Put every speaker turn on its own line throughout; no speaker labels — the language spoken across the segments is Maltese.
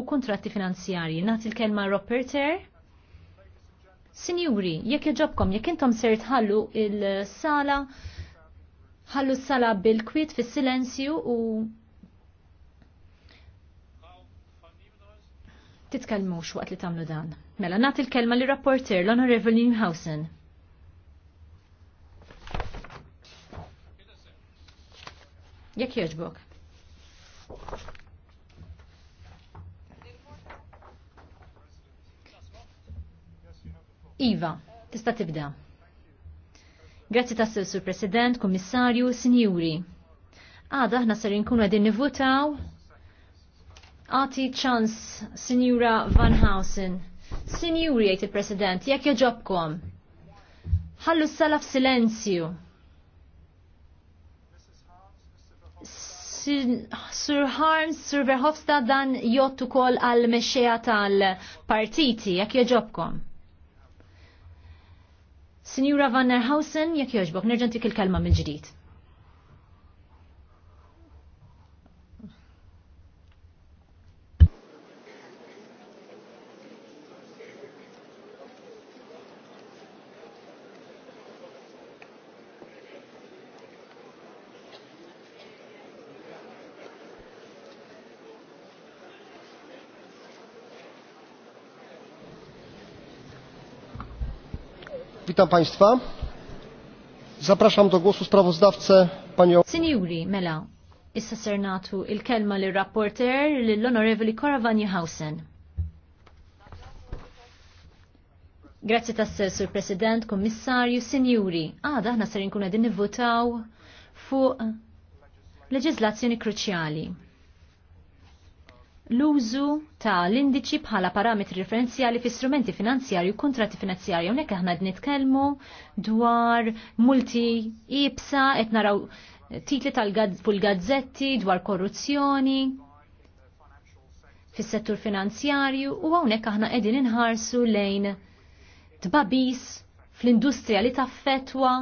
u kontratti finanzjarji. Nagħti l-kelma Roperter. Sinjuri, jekk jġobkom, jekk intom ser tħallu il-sala, ħallu s-sala bil-kwit fis-silenzju u titkellmux waqt li tagħmlu dan. Mela nagħti il kelma li rapporter l-Honorable Newhausen. Jekk you. Iva, tista' tibda. Grazzi ta' Sur President, Kommissarju, Sinjuri. Għada ħna ser nkunu għedin nivutaw. Għati ċans, Sinjura Van Housen. Sinjuri għajt il-President, jekk joġobkom. Ħallu s-sala f'silenzju. Sir Harms, Sir Verhofstad dan jottu kol għal-mexxejja tal-partiti, jekk joġobkom. Sinjura Van Nerhausen, jek joġbok, tik il-kelma mill-ġdid. Witam Państwa. Zapraszam do głosu sprawozdawcę panią... Sinjuri, mela, issa sernatu il-kelma li rapporter l-Onorevoli Koravani Hausen. Grazzi tasse Sur President, Kommissarju, Sinjuri. ah, daħna ser kuna għedin nivotaw fuq legislazzjoni kruċjali l-użu ta' l-indiċi bħala parametri referenzjali fi strumenti finanzjari u kontrati finanzjarji. Unek aħna nitkellmu dwar multi ibsa, qed naraw titli tal-gazzetti dwar korruzzjoni fis-settur finanzjarju u hawnhekk aħna qegħdin inħarsu lejn tbabis fl-industrija li taffetwa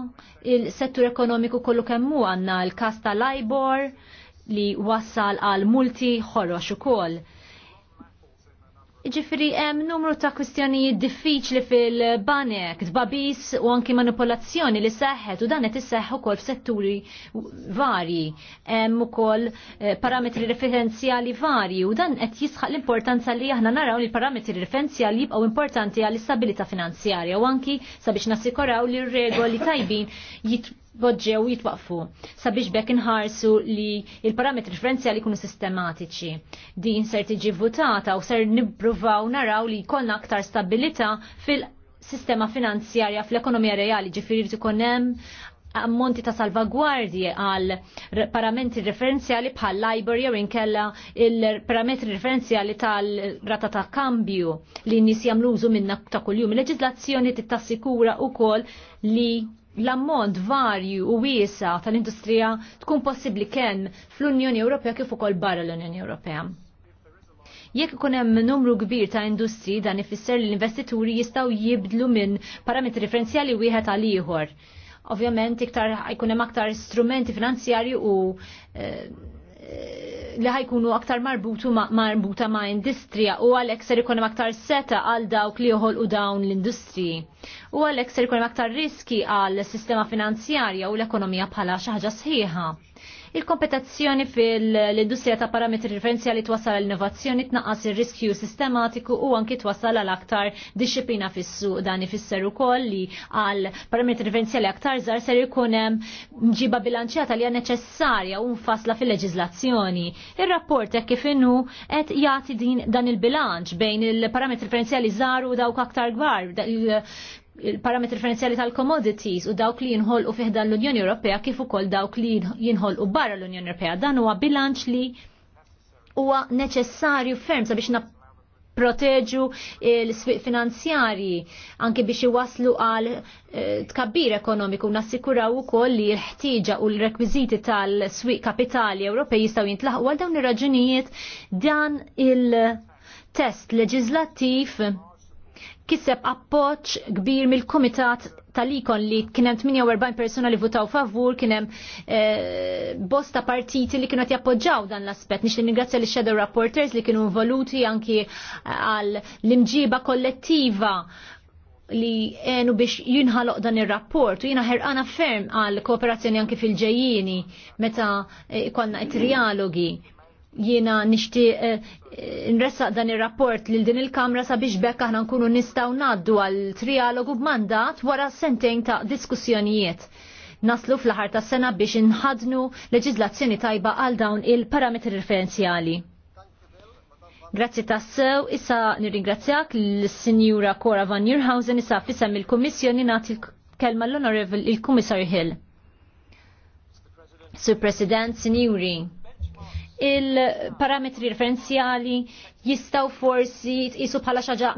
il-settur ekonomiku kollu kemmu għanna l kasta tal-Libor, li wassal għal multi ħorox ukoll. Ġifri, hemm numru ta' kwistjonijiet diffiċli fil-banek, tbabis u anki manipolazzjoni li seħħet u dan qed isseħħ ukoll f'setturi varji. Hemm ukoll eh, parametri referenzjali varji u dan qed jisħaq l-importanza li aħna naraw li l-parametri referenzjali jibqgħu importanti għall istabilità finanzjarja u anki sabiex nassikuraw li r-regoli tajbin bodġew jitwaqfu sabiex bekk inħarsu li il-parametri differenzjali jkunu sistematiċi. Din ser tiġi votata u ser nippruvaw naraw li jkollna aktar stabilità fil-sistema finanzjarja fl-ekonomija reali ġifiri tkun hemm ammonti ta' salvagwardji għal parametri referenzjali bħal LIBOR jew inkella il-parametri referenzjali tal-rata ta' kambju li nis jagħmlu minna ta' kuljum. tit-tassikura u wkoll li l-ammont varju u wiesa tal-industrija tkun possibbli kemm fl-Unjoni Ewropea kif ukoll barra l-Unjoni Ewropea. Jekk ikun hemm numru kbir ta' industri dan ifisser li l-investituri jistgħu jibdlu minn parametri referenzjali wieħed għal ieħor. Ovvjament iktar jkun hemm aktar strumenti finanzjarji u eh, li ħajkunu aktar marbutu ma, marbuta ma' industrija u għalhekk ser ikun aktar seta għal dawk li joħolqu dawn l-industriji. U għalhekk ser ikun aktar riski għal sistema finanzjarja u l-ekonomija bħala xi ħaġa sħiħa. Il-kompetazzjoni fil-industrija ta' parametri referenzjali twassal l-innovazzjoni tnaqqas ir-riskju sistematiku u anki twassal għal aktar disċiplina fis-suq dan ifisser ukoll li għal parametri referenzjali aktar żgħar ser ikun hemm ġiba bilanċjata li hija neċessarja u mfassla fil-leġiżlazzjoni. Ir-rapport hekk kif inhu qed jagħti din dan il-bilanċ bejn il-parametri referenzjali żgħar u dawk aktar kbar il-parametri differenzjali tal-commodities u dawk li jinħolqu fiħdan l-Unjoni Ewropea kif ukoll dawk li jinħolqu barra l-Unjoni Ewropea. Dan huwa bilanċ li huwa neċessarju ferm sabiex proteġu l-sfiq finanzjarji anke biex iwaslu għal eh, tkabbir ekonomiku nassikuraw ukoll li l-ħtieġa u l-rekwiżiti tal-swiq kapitali Ewropej jistgħu jintlaħqu għal dawn ir-raġunijiet dan il-test leġislattiv kiseb appoġġ kbir mill-Kumitat tal-ikon li kienem 48 persona li votaw favur, kienem eh, bosta partiti li kienu jappoġġaw dan l-aspet. Nix li ningrazzja li shadow rapporters li kienu involuti anki għal l-imġiba kollettiva li enu biex jinħaloq dan il-rapport u jina ħerqana ferm għal kooperazzjoni anki fil-ġejjini meta ikonna eh, it-trialogi jiena nixtieq eh, nressaq dan ir-rapport lil din il-Kamra sabiex bekk aħna nkunu nistgħu ngħaddu għal trialogu b'mandat wara sentejn ta' diskussjonijiet. Naslu fl-aħar tas sena biex inħadnu leġizlazzjoni tajba għal dawn il-parametri referenzjali. Grazzi tassew, issa nirringrazzjak l-Sinjura Cora Van Nierhausen issa fissam il-Kommissjoni nagħti l-kelma l-Honorable il-Kummissar Hill. Sur President, Sinjuri, il-parametri referenzjali jistaw forsi jisu bħala xaġa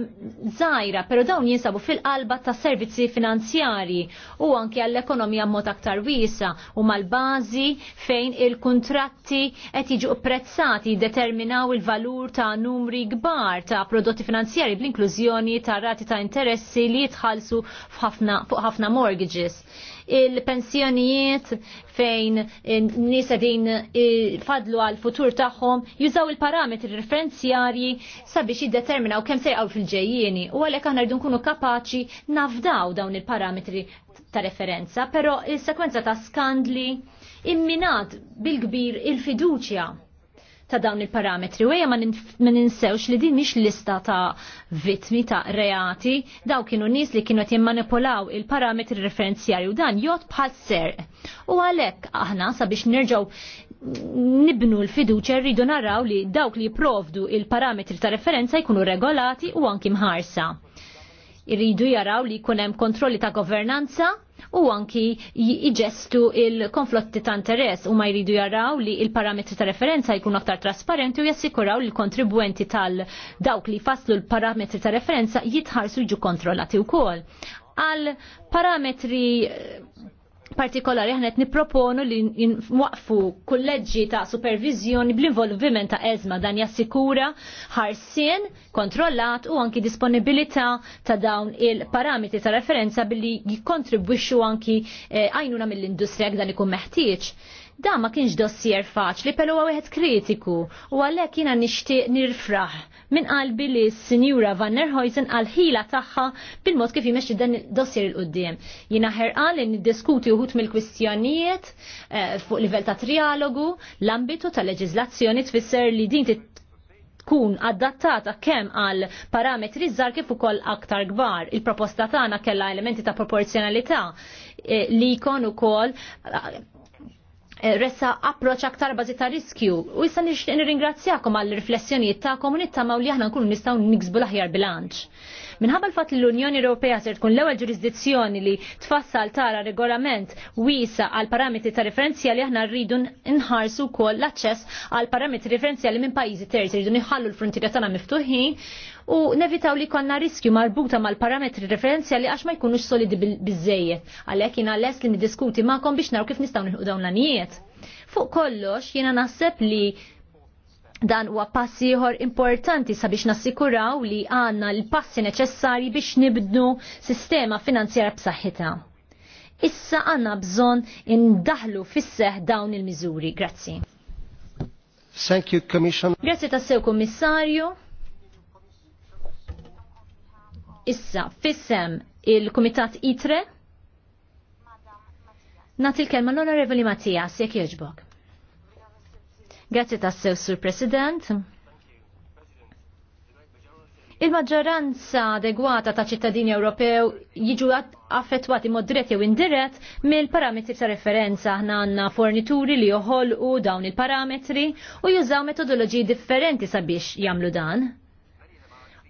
zaħira, pero dawn jinsabu fil-qalba ta' servizzi finanzjari u anki għall-ekonomija mod aktar wisa u mal-bazi fejn il-kontratti qed jiġu prezzati determinaw il-valur ta' numri gbar ta' prodotti finanzjari bl-inklużjoni ta' rati ta' interessi li jitħalsu fuq ħafna mortgages il-pensjonijiet fejn nisa din eh, fadlu għal futur tagħhom jużaw il-parametri referenzjarji sabiex jiddeterminaw kemm sejqaw fil-ġejjieni u għalhekk aħna rridu nkunu kapaċi nafdaw dawn il-parametri ta' referenza, però il-sekwenza ta' skandli imminat bil-kbir il-fiduċja ta' dawn il-parametri. Weja ma ninsewx li din mhix lista ta' vittmi ta' reati, daw kienu nies li kienu qed jimmanipulaw il-parametri referenzjari u dan jod bħal U għalhekk aħna sabiex nerġgħu nibnu l-fiduċa rridu naraw li dawk li jipprovdu il-parametri ta' referenza jkunu regolati u anki mħarsa. Irridu jaraw li jkun hemm kontrolli ta' governanza u anki jiġestu il-konflotti ta' interess u ma jridu jaraw li il-parametri ta' referenza jkunu aktar trasparenti u jassikuraw li l-kontribuenti tal-dawk li faslu l-parametri ta' referenza jitħarsu ġu kontrollati u kol. Għal parametri eh, partikolari ħanet niproponu li nwaqfu kulleġġi ta' supervizjoni bl-involviment ta' ezma dan jassikura ħarsien, kontrollat u anki disponibilità ta' dawn il-parametri ta' referenza billi jikontribwixxu anki eh, għajnuna eh, mill-industrija għdan ikun meħtieġ. Da ma kienx dossier faċli, pero għawet kritiku, u għalek kiena nishtiq nirfraħ minn qalbi li s-Sinjura Van Nerhoisen għal-ħila taħħa bil-mod kif jimex dan dossier il-qoddim. Jina ħerqan li niddiskuti uħut mill-kwistjonijiet eh, fuq livell ta' trialogu, l-ambitu ta' leġizlazzjoni tfisser li din tkun adattata kemm għal parametri żgħar kif ukoll aktar kbar. Il-proposta tagħna kellha elementi ta' proporzjonalità eh, li jkun ukoll eh, Eh, ressa approċ aktar bażi ta' riskju. U issa nixtieq nirringrazzjakom għall riflessjoni ta' komunità ma' li aħna nkunu nistgħu niksbu l-aħjar bilanċ. Minħabba l-fatt li l-Unjoni Ewropea ser tkun l-ewwel ġurisdizzjoni li tfassal tara regolament wiesa għal parametri ta' referenzjali aħna rridu nħarsu wkoll l-aċċess għal parametri referenzjali minn pajjiżi terzi rridu nħallu l-frontiera tagħna miftuħin u nevitaw li konna riskju marbuta mal-parametri referenzjali għax ma jkunux solidi bizzejiet. Għalhekk jiena lest li niddiskuti magħkom biex naraw kif nistgħu nieħu dawn l-anijiet. Fuq kollox jiena naħseb li Dan huwa pass ieħor importanti sabiex nassikuraw li għandna l-passi neċessarji biex nibdnu sistema finanzjara b'saħħitha. Issa għandna bżonn indaħlu fis-seħ dawn il-miżuri. Grazzi. Thank you, Commissioner. Grazzi tassew, Kommissarju. Issa, fissem il-Kumitat ITRE. Nati l-kelma l-Onorevoli Mattias, jek jieġbok. Grazzi tassew, Sur President. Il-maġġoranza adegwata ta' ċittadini Ewropew jiġu affettwati mod dirett jew indirett mill-parametri ta' referenza aħna għandna fornituri li joħolqu dawn il-parametri u jużaw metodoloġiji differenti sabiex jagħmlu dan.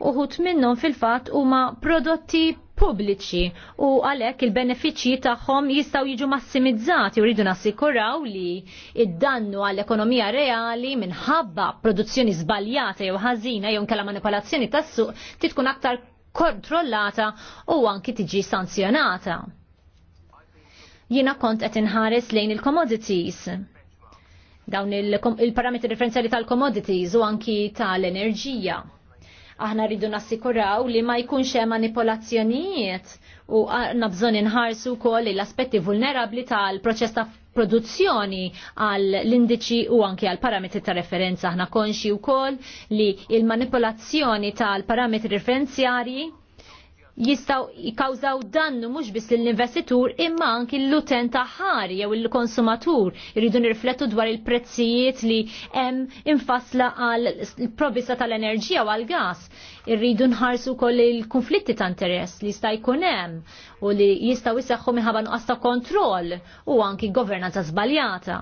Uħut minnhom fil-fatt huma prodotti pubbliċi u għalhekk il-benefiċċji tagħhom jistgħu jiġu massimizzati u rridu nassikuraw li id-dannu għall-ekonomija reali minħabba produzzjoni żbaljata jew ħażina jew nkella manipolazzjoni tas-suq titkun aktar kontrollata u anki tiġi sanzjonata. Jiena kont qed inħares lejn il-commodities dawn il-parametri il tal-commodities u anki tal-enerġija Aħna rridu nassikuraw li ma jkunx hemm manipolazzjonijiet u aħna bżon inħarsu kol l-aspetti vulnerabli tal-proċess ta' produzzjoni għal l-indiċi u anki għal parametri ta' referenza. Aħna konxi u kol li il-manipolazzjoni tal-parametri referenzjari jistaw jikawżaw dannu mhux biss l-investitur imma anki l-utent ħari jew il-konsumatur jridu nirflettu dwar il-prezzijiet li hemm infasla għal provvista tal-enerġija u għal gas. Irridu nħarsu koll il-konflitti ta' interess li jista' jkun hemm u li jistgħu jseħħu minħabba nuqqas ta' kontroll u anki governanza żbaljata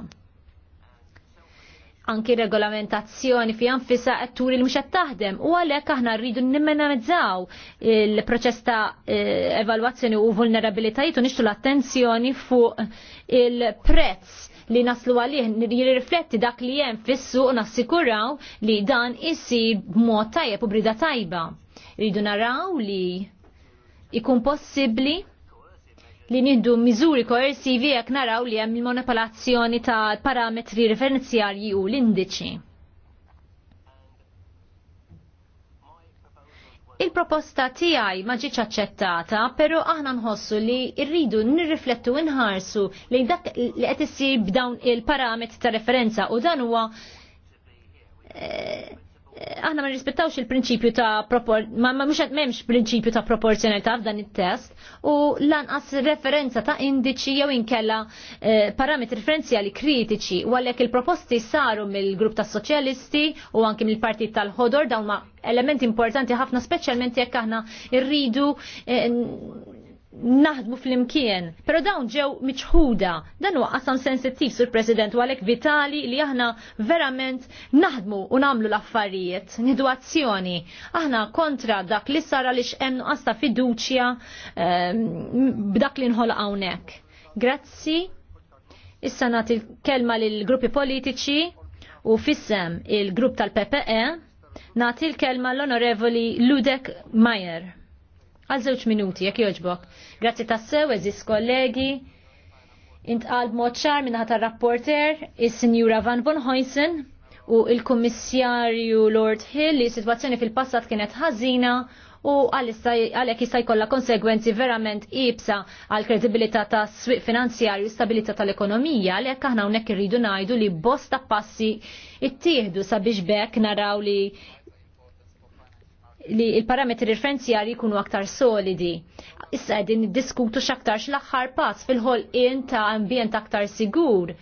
anki regolamentazzjoni fi anfisa qed turi li mhux qed taħdem u għalhekk aħna rridu nimmenamizzaw il-proċess ta' eh, evalwazzjoni u vulnerabilitajiet u nixtu l-attenzjoni fuq il-prezz li naslu għalih jirrifletti dak li hemm fissu u nassikuraw li dan isir b'mod tajjeb u brida tajba. Rridu naraw li ikun possibbli li nindu miżuri koersivi jekk naraw li hemm il monopolazzjoni ta' parametri referenzjarji u l-indiċi. Il-proposta tiegħi ma ġietx aċċettata, però aħna nħossu li rridu nirriflettu nħarsu li dak li qed isir b'dawn il-parametri ta' referenza u dan huwa eh, aħna ma nirrispettawx il-prinċipju ta' propor ma mhux qed m'hemmx prinċipju ta' proporzjonalità f'dan it-test u lanqas referenza ta' indiċi jew inkella eh, parametri referenzjali kritiċi u għalhekk il-proposti saru mill-grupp tas soċjalisti u anke mill-partit tal-ħodor dawn ma' elementi importanti ħafna speċjalment jekk aħna rridu eh, naħdmu fl-imkien, pero dawn ġew miċħuda, dan huwa qasam sensittiv sur President u għalhekk vitali li aħna verament naħdmu u nagħmlu l-affarijiet, nidu azzjoni. Aħna kontra dak li sara li x'hemm għasta fiduċja ehm, b'dak li nħol hawnhekk. Grazzi. Issa nagħti l-kelma lill gruppi politiċi u fissem il-grupp tal-PPE nagħti l-kelma l-Onorevoli Ludek Majer għal zewċ minuti, jekk jogħġbok. Grazzi tassew, eżis kollegi, intqal b'mod ċar minna tar rapporter is-Sinjura Van Von Huysen u il-Kummissarju Lord Hill li situazzjoni fil-passat kienet ħażina u għalek jista' jkollha konsegwenzi verament ibsa għal kredibilità ta' swieq finanzjarju u stabilità tal-ekonomija għalhekk aħna hawnhekk irridu ngħidu li bosta passi ittieħdu sabiex bekk naraw li li il-parametri referenzjali jkunu aktar solidi. Issa għedin diskutu x'aktar l aħħar pass fil in ta' ambjent aktar sigur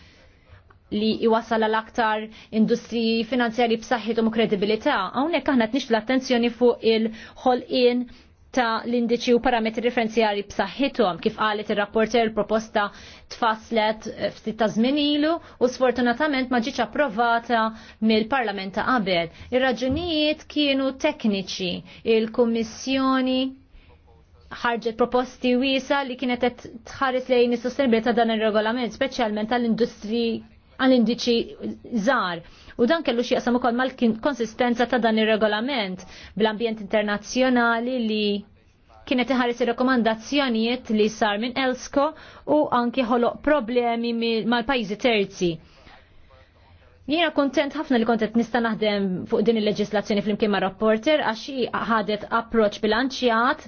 li iwasal l aktar industriji finanzjari b'saħħithom u kredibilità. Hawnhekk aħna tnix l-attenzjoni fuq il-ħolqien ta' l-indiċi u parametri referenzjali b'saħħithom kif qalet ir-rapporter il proposta tfasslet ftit ta' żmien ilu u sfortunatament ma ġietx approvata mill-Parlament ta' qabel. Ir-raġunijiet kienu tekniċi. Il-Kummissjoni ħarġet proposti wiesa li kienet qed tħares lejn is-sostenibilità dan ir-regolament, speċjalment tal-industri għal indiċi żgħar. U dan kellu xi jaqsam ukoll mal-konsistenza ta' dan ir-regolament bl-ambjent internazzjonali li kienet iħares ir-rekomandazzjonijiet li sar minn Elsko u anki ħoloq problemi mal-pajjiżi terzi. Jiena kontent ħafna li kontent nista' naħdem fuq din il-leġislazzjoni fl-imkien ma' rapporter għax ħadet approċ bilanċjat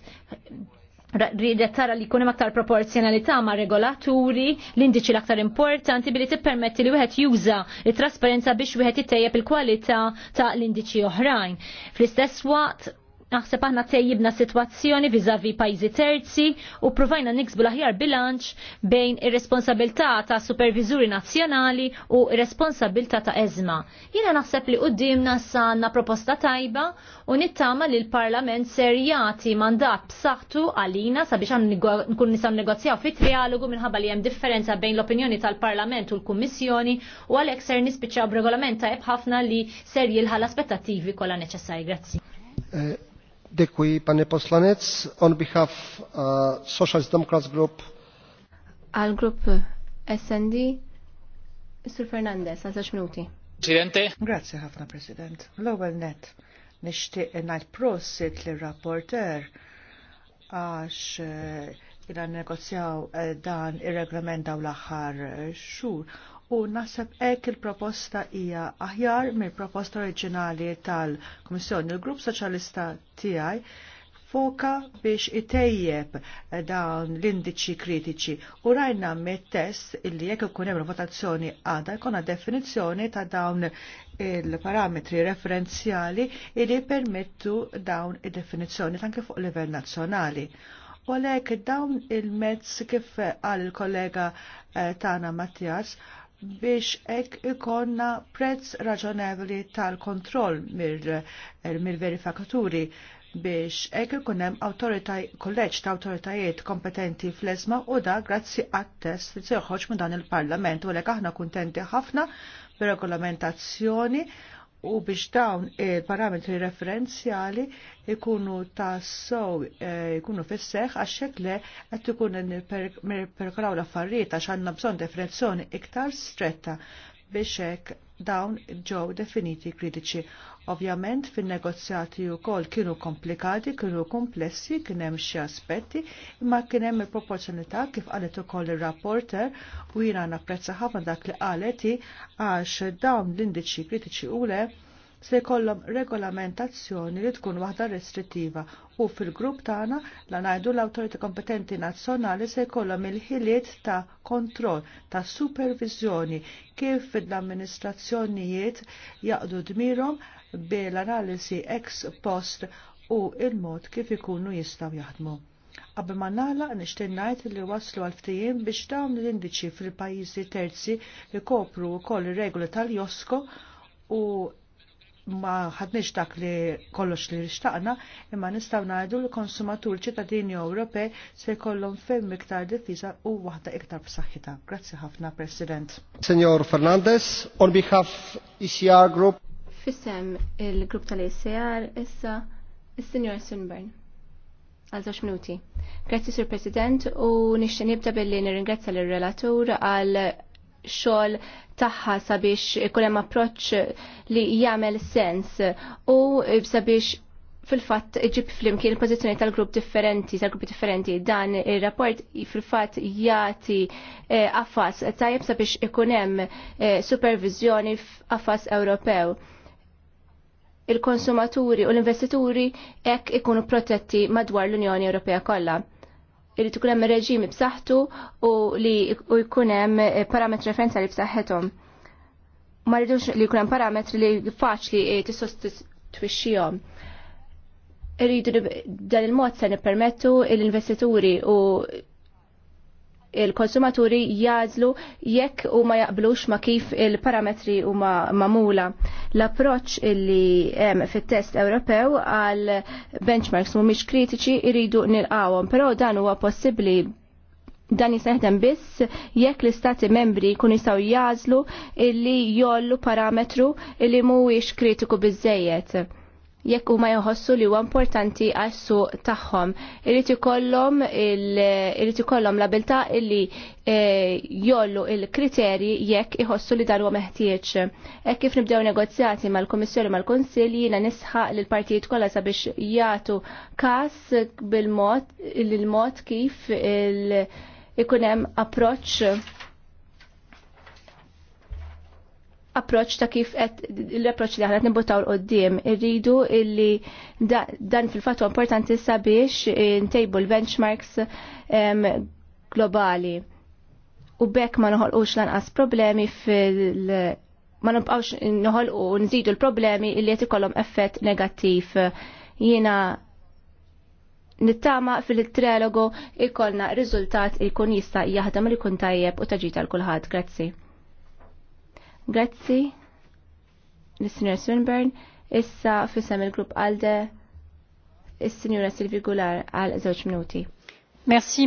ridet tara li kunem aktar proporzjonalità ma' regolaturi, l-indiċi l-aktar importanti billi tippermetti li wieħed juża it trasparenza biex wieħed ittejjeb il-kwalità ta' l-indiċi oħrajn. Fl-istess waqt naħseb aħna tejjibna situazzjoni vizavi pajzi terzi u provajna niksbu l-aħjar bilanċ bejn ir-responsabilità ta' supervizuri nazzjonali u ir-responsabilità ta' ezma. Jiena naħseb li qudiemna sanna proposta tajba u nittama li l-Parlament serjati mandat b'saħħtu għalina sabiex għan nkun nisam negozjaw fit trialogu minħabba li hemm differenza bejn l-opinjoni tal-Parlament u l-Kummissjoni u għalhekk ser nispiċċaw b'regolament tajb ħafna li ser jilħa aspettativi aspettattivi kollha neċessarji. Grazzi. Eh, Děkuji, pane poslanec. On behalf uh, Social Democrats Group.
Al uh, SND, Fernandez,
għal minuti. Presidente. Grazie, ħafna, President. l ewwel net, nixtieq najt prosit li rapporter għax uh, ila negozjaw uh, dan ir-reglament daw l-aħħar xhur u naħseb hekk il-proposta hija aħjar mill-proposta oriġinali tal-Kummissjoni. Il-Grupp Soċjalista TI foka biex itejjeb dawn l-indiċi kritiċi u rajna mit-test illi jekk ikun hemm votazzjoni għada jkollna definizzjoni ta' dawn il-parametri referenzjali illi permettu dawn id-definizzjoni tanke fuq livell nazzjonali. U għalhekk dawn il-mezz kif għal il-kollega eh, Tana Mattias biex ek ikonna prezz raġonevoli tal-kontroll mill-verifikaturi er, biex ek ikunem kolleġ ta' autoritajiet kompetenti fl-esma u da grazzi għat-test li seħħoċ minn dan il-parlament u l aħna kontenti ħafna bir-regolamentazzjoni u biex dawn il-parametri referenzjali ikunu tassow eh, ikunu fisseħ għaxek le għat ikun n-perkolaw l-affarijiet għax għanna bżon definizjoni iktar stretta biex dawn ġew definiti kritiċi. Ovjament fin-negozjati wkoll kienu komplikati, kienu komplessi, kien hemm xi aspetti, imma kien hemm il-proporzjonità kif qalet ukoll ir-rapporter u jiena napprezza ħafna dak li qaleti għax dawn l-indiċi kritiċi le, se jkollhom regolamentazzjoni li tkun waħda restrittiva u fil-grupp tagħna la ngħidu l-awtorità kompetenti nazzjonali se jkollhom il-ħiliet ta' kontroll, ta' supervizjoni kif l-amministrazzjonijiet jaqdu dmirhom bil-analisi ex post u il-mod kif ikunu jistaw jaħdmu. Qabel ma nagħla nixtieq ngħid li waslu għal ftehim biex dawn l-indiċi fil-pajjiżi terzi li kopru wkoll ir-regoli tal-Josko u ma ħadniex dak li kollox li rixtaqna, imma nistgħu ngħidu li konsumatur ċittadini Ewropej se jkollhom fem iktar difiża u waħda iktar b'saħħitha. Grazzi ħafna, President.
Senjor Fernandez, on behalf ICR e Group. Fissem il-grupp tal-ICR issa is-Senjor Sunburn. Għal zax minuti. Grazzi Sur President u nixtieq nibda billi nirringrazza l relatur għal xogħol tagħha sabiex ikun hemm approċċ li jagħmel sens u sabiex fil-fatt ġib flimkien pożizzjoni tal-grupp differenti, tal-gruppi differenti, dan ir-rapport fil-fatt jagħti eh, affas tajjeb sabiex ikun hemm eh, supervizjoni f'affas Ewropew il-konsumaturi u l-investituri hekk ikunu protetti madwar l-Unjoni Ewropea kollha li tkun hemm reġimi b'saħħtu u li jkun hemm eh, parametri referenza li b'saħħithom. Ma rridux li jkun hemm parametri li faċli eh, tissostitwixxihom. Irridu dan il-mod se nippermettu l-investituri u il-konsumaturi jazlu jekk u ma jaqblux ma kif il-parametri u ma mamula. L-approċ illi hemm fit-test Ewropew għal benchmarks mhumiex kritiċi iridu nilqawhom, però dan huwa possibbli dan jisneħdem biss jekk l-istati membri kun jistaw jazlu illi jollu parametru illi mhuwiex kritiku biżejjed jekk huma jħossu li huwa importanti għas-suq tagħhom. Irid ikollhom irid ikollhom l-abilità illi eh, jollu il-kriterji jekk iħossu li dan huwa meħtieġ. Hekk kif nibdew negozjati mal-Kummissjoni mal-Kunsill jiena nisħaq lil partijiet kollha sabiex jagħtu każ bil-mod il-mod kif ikun hemm approċċ approċ ta' kif l-approċ li ħanet nibutaw l-qoddim. Irridu illi dan fil-fatu importanti sabiex eh, ntejbu l-benchmarks globali. U bekk ma noħolqux lanqas problemi fil- ma nibqawx u nżidu l-problemi illi qed ikollhom effett negattiv. Jiena nittama fil-trelogu ikollna riżultat ikun jista' jaħdem li jkun tajjeb u taġita l kulħadd. Grazzi. Grazzi, l-Sinjor issa fissam il-Grupp Alde, il-Sinjora Silvi Gular għal zoċ minuti.
Merci.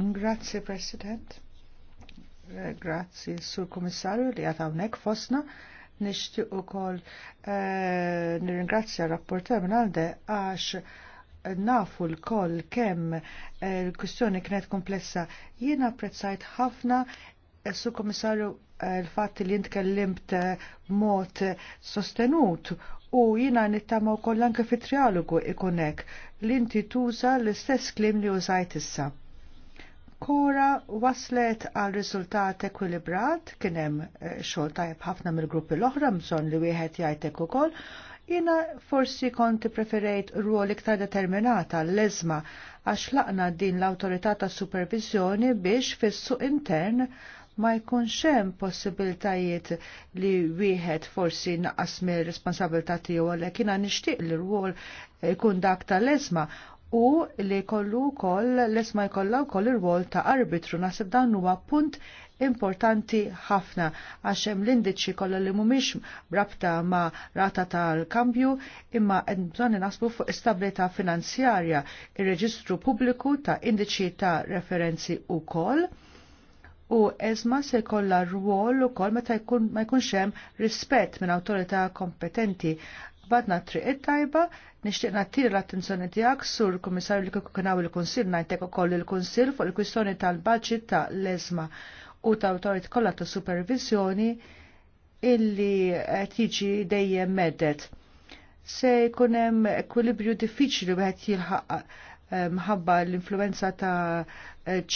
Grazie, President. Eh, grazzi, Sur Komissarju li għatawnek fosna. Nishti u kol eh, nirringrazzja rapporter minn għalde għax nafu l-koll kem eh, l-kustjoni kienet komplessa. Jiena apprezzajt ħafna Su komissarju, eh, il-fat li jintkellimt eh, mod sostenut u jina nittama u kollanka fit trialogu ikonek li inti tuża l-istess klim li użajt issa. Kora waslet għal riżultat ekwilibrat, kienem eh, xol tajb ħafna mill-gruppi l-oħra, mżon li wieħed jajtek ukoll, jina forsi konti preferejt ruol iktar determinata l-ezma għax laqna din l-autorità ta' supervizjoni biex fis-suq intern ma jkunx hemm possibiltajiet li wieħed forsi naqas mir-responsabilità tiegħu għalhekk jiena nixtieq li rwol jkun dak tal-esma u li kollu wkoll l-esma jkollha wkoll ir wol ta' arbitru naħseb dan huwa punt importanti ħafna għax hemm l-indiċi kollha li mhumiex rabta ma' rata tal-kambju imma qed bżonn nasbu fuq istabilità finanzjarja ir-reġistru pubbliku ta' indiċi ta' referenzi wkoll u ezma se jkollha rwol ukoll meta jkun ma jkunx hemm rispett minn awtorità kompetenti. Badna triq tajba nishtiq nattiri l-attenzjoni tiegħek sur kummissarju li kieku kienaw il-Kunsill ngħidlek ukoll il-Kunsill fuq il-kwistjoni tal-baġit ta' l-eżma u ta' autorit kollha ta' supervizjoni illi tiġi dejjem medet. Se jkun hemm diffiċli diffiċli wieħed jilħaq mħabba l-influenza ta'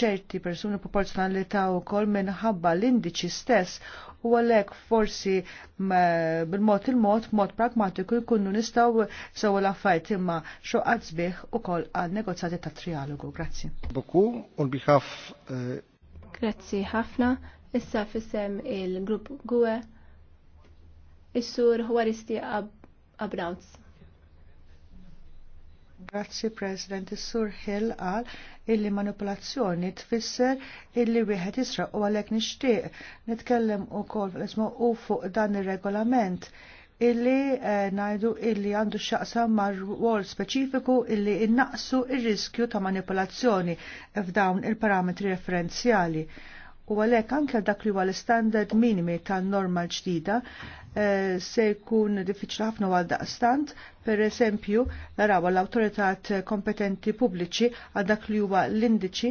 ċerti persuni proporzjonalità u kol minħabba l-indiċi stess u għalek forsi bil-mod il-mod, mod pragmatiku jkunu nistaw sewa l-affajt imma xoqqat zbieħ u kol għal negozjati ta' trialogu. Grazzi.
Boku, on behalf. Eh, Grazzi ħafna. Issa fissem il-grupp GUE. Is-sur Huaristi Abnauts.
Grazzi President, Sur Hill għal illi manipolazzjoni tfisser illi wieħed isra u għalek nixtieq. Nitkellem u kol u fuq dan ir-regolament illi eh, ngħidu najdu illi għandu xaqsa mar wol speċifiku illi innaqsu ir-riskju ta' manipolazzjoni f'dawn il-parametri referenzjali. U għalek anke dak li huwa l-standard minimi tan-norma l-ġdida Eh, se jkun diffiċli ħafna għal daqstant, per esempio, naraw l-autoritat kompetenti pubbliċi għal dak li huwa l-indiċi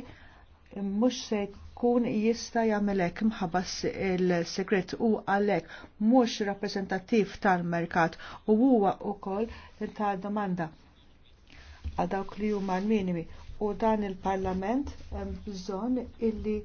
mhux se jkun jista' jagħmel hekk il-segret u għalhekk mhux rappreżentattiv tal-merkat u huwa wkoll tal domanda għal dawk li huma minimi u dan il-Parlament bżonn illi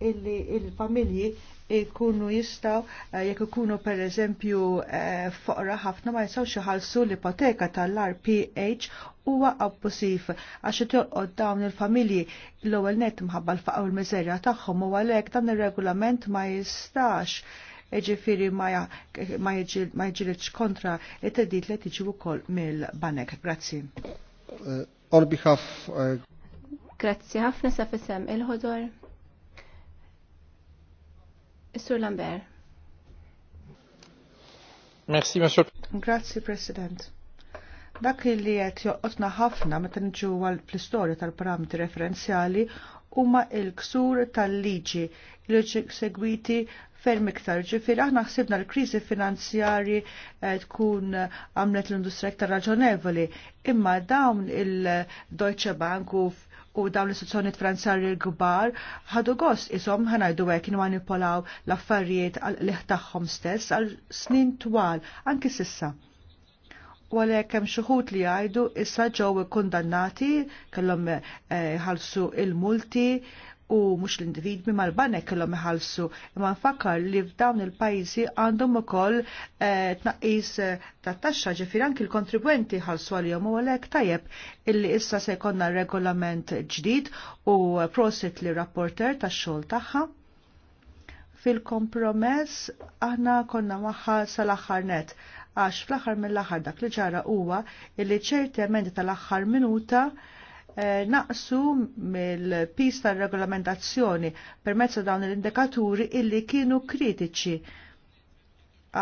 illi il-familji ikunu jistaw, eh, jekk ikunu per eżempju eh, foqra ħafna ma jistaw xaħalsu l-ipoteka tal-RPH huwa abbusiv għax tolqod dawn il-familji l-ewwel nett mħabba l-faqgħu l-miżerja tagħhom u għalhekk dan ir-regolament ma jistax ġifiri ma jġilitx kontra it-tedit li tiġi wkoll mill-banek. Grazzi. Eh, on behalf...
Grazzi ħafna sa' il-ħodor.
Mr. Lambert. Merci, Monsieur. Grazie, President. Dak li qed joqgħodna ħafna meta niġu fl-istorja tal-parametri referenzjali huma il-ksur tal-liġi li segwiti ferm iktar. Ġifiri, aħna ħsibna l-krizi finanzjari eh, tkun għamlet l-industrija iktar raġonevoli, imma dawn il-Deutsche Bank u u dawn l-istituzzjoniet franzari l-gbar ħadu gost isom ħanajdu għek kienu manipolaw l-affarijiet għal tagħhom stess għal snin twal, anki sissa. U għalhekk hemm xuħut li jgħidu issa ġew kundannati kellhom eh, ħalsu il-multi u mhux l-individwi mal-banek kellom iħallsu imma nfakkar li f'dawn il-pajjiżi għandhom ukoll eh, tnaqqis eh, ta' taxxa ġifier anki l-kontribwenti ħallsu għalihom u għalhekk tajjeb illi issa se jkollna regolament ġdid u prosit li rapporter tax-xogħol tagħha fil-kompromess aħna konna maħħa sal-aħħar net għax fl-aħħar mill-aħħar dak li ġara huwa illi ċerti emendi tal-aħħar minuta Eh, naqsu mill-pis tal-regolamentazzjoni permezz dawn l-indikaturi illi kienu kritiċi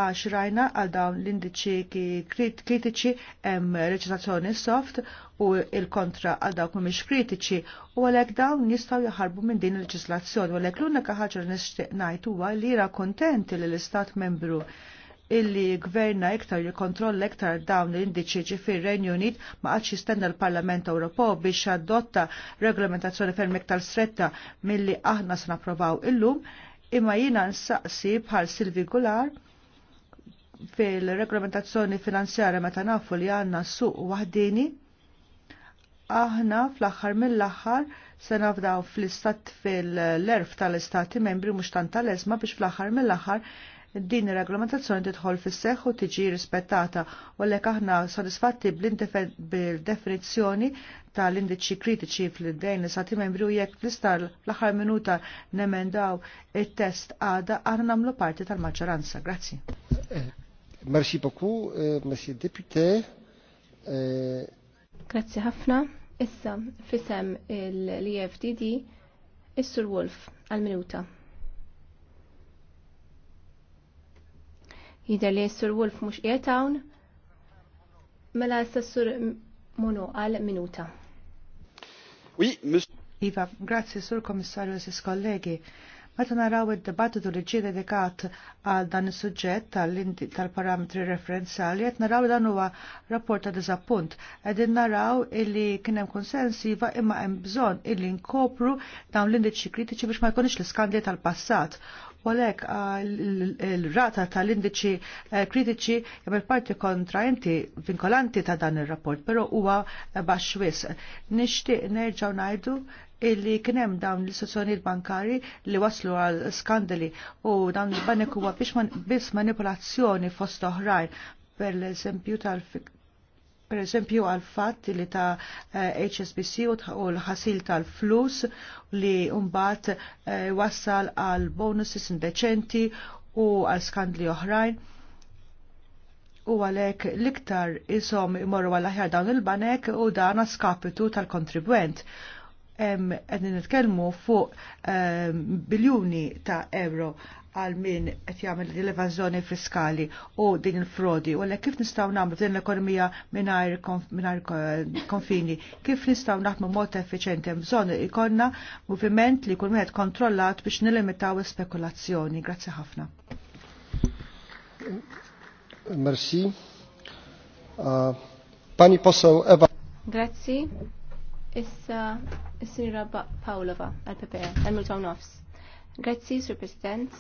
għax rajna għal dawn l-indiċi kritiċi hemm reċitazzjoni soft u il-kontra għal dawk mhumiex kritiċi u għalhekk dawn jistgħu jaħarbu minn din il-leġislazzjoni u għalhekk l-unika ħaġa nixtieq ngħid huwa li jiena kontenti l-Istat membru illi gverna iktar li kontroll iktar dawn l-indiċi ġifir Renju Unit ma għadx jistenna l-Parlament Ewropew biex adotta reglamentazzjoni ferm iktar stretta milli aħna s-naprovaw illum, imma jina nsaqsi bħal Silvi Gular fil-reglamentazzjoni finanzjarja meta nafu li għanna suq waħdini aħna fl-axar mill-axar se nafdaw fl-istat fil-lerf tal-istati membri mux tant tal-esma biex fl-axar mill-axar din ir-regolamentazzjoni tidħol fis-seħħ u tiġi rispettata u lek aħna sodisfatti bil-definizzjoni tal-indiċi kritiċi fl-dejn li sati membri u jekk fl-istar l-aħħar minuta nemendaw it-test għada aħna nagħmlu parti tal-maġġoranza. Grazzi.
Merci beaucoup, euh, merci député. Euh,
Grazzi ħafna. Issa, fisem l-EFDD, Issur Wolf, għal-minuta. Jider li s-sur Wolf mux jietawn, Mela s-sur għal minuta.
Oui, Iva, grazzi sur komissarju s kollegi. Meta naraw id-dibattitu li ġie dedikat għal dan is-suġġett tal-parametri referenzali, qed naraw dan huwa rapport ta' diżappunt. Qegħdin naraw illi kien hemm konsens iva imma hemm bżonn illi nkopru dawn l-indiċi kritiċi biex ma jkunx l-iskandli tal-passat u il-rata tal-indiċi eh, kritiċi jagħmel parti kontrajenti vinkolanti ta' dan ir-rapport, però huwa eh, baxx wis. Nixtieq nerġgħu ngħidu illi kienem dawn l-istituzzjonijiet bankari li waslu għal skandali u dawn il-banek huwa biex biss manipolazzjoni fost oħrajn per l-eżempju tal-fik per eżempju għal fatt li ta' HSBC eh, u l-ħasil tal-flus li umbat eh, wassal għal bonuses indeċenti u għal skandli oħrajn. U għalek liktar isom imorru għal aħjar dawn il-banek u dan skapitu tal-kontribwent. Edin nitkellmu fuq eh, biljuni ta' euro għal min qed jagħmel l-evażjoni fiskali u din il-frodi, u kif nistgħu nagħmlu din l-ekonomija mingħajr konfini, kif nistgħu naħdmu mod effiċjenti hemm bżonn ikollna moviment li jkun wieħed kontrollat biex nilimitaw spekulazzjoni. Grazzi ħafna.
Merci. Uh, pani poseł Ewa.
Grazzi. Issa, is-sinjura Paolova, għal-PPR, e, għal-Multaw Nofs. Grazzi, Sir President.